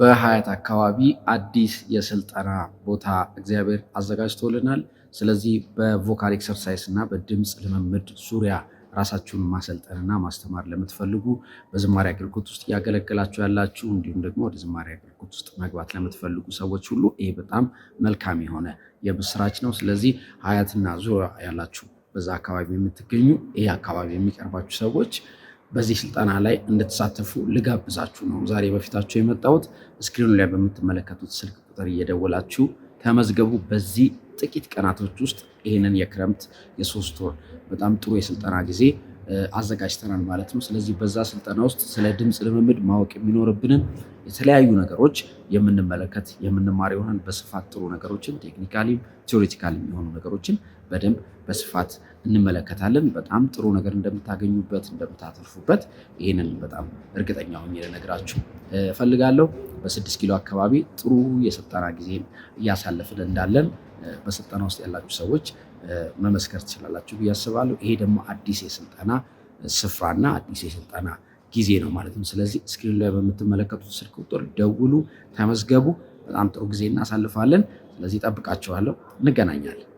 በሀያት አካባቢ አዲስ የስልጠና ቦታ እግዚአብሔር አዘጋጅቶልናል። ስለዚህ በቮካል ኤክሰርሳይዝ እና በድምፅ ልምምድ ዙሪያ ራሳችሁን ማሰልጠንና ማስተማር ለምትፈልጉ በዝማሬ አገልግሎት ውስጥ እያገለገላችሁ ያላችሁ እንዲሁም ደግሞ ወደ ዝማሬ አገልግሎት ውስጥ መግባት ለምትፈልጉ ሰዎች ሁሉ ይህ በጣም መልካም የሆነ የምስራች ነው። ስለዚህ ሀያትና ዙሪያ ያላችሁ በዛ አካባቢ የምትገኙ ይህ አካባቢ የሚቀርባችሁ ሰዎች በዚህ ስልጠና ላይ እንድትሳተፉ ልጋብዛችሁ ነው ዛሬ በፊታችሁ የመጣሁት። እስክሪኑ ላይ በምትመለከቱት ስልክ ቁጥር እየደወላችሁ ተመዝገቡ። በዚህ ጥቂት ቀናቶች ውስጥ ይህንን የክረምት የሶስት ወር በጣም ጥሩ የስልጠና ጊዜ አዘጋጅተናል ማለት ነው። ስለዚህ በዛ ስልጠና ውስጥ ስለ ድምፅ ልምምድ ማወቅ የሚኖርብንን የተለያዩ ነገሮች የምንመለከት የምንማር የሆነን በስፋት ጥሩ ነገሮችን ቴክኒካሊም ቲዎሬቲካሊም የሆኑ ነገሮችን በደንብ በስፋት እንመለከታለን። በጣም ጥሩ ነገር እንደምታገኙበት እንደምታተርፉበት ይህንን በጣም እርግጠኛ ሆኜ ልነግራችሁ እፈልጋለሁ። በስድስት ኪሎ አካባቢ ጥሩ የስልጠና ጊዜ እያሳለፍን እንዳለን በስልጠና ውስጥ ያላችሁ ሰዎች መመስከር ትችላላችሁ ብዬ አስባለሁ። ይሄ ደግሞ አዲስ የስልጠና ስፍራና አዲስ የስልጠና ጊዜ ነው ማለት ነው። ስለዚህ ስክሪን ላይ በምትመለከቱት ስልክ ቁጥር ደውሉ፣ ተመዝገቡ። በጣም ጥሩ ጊዜ እናሳልፋለን። ስለዚህ ጠብቃችኋለሁ። እንገናኛለን።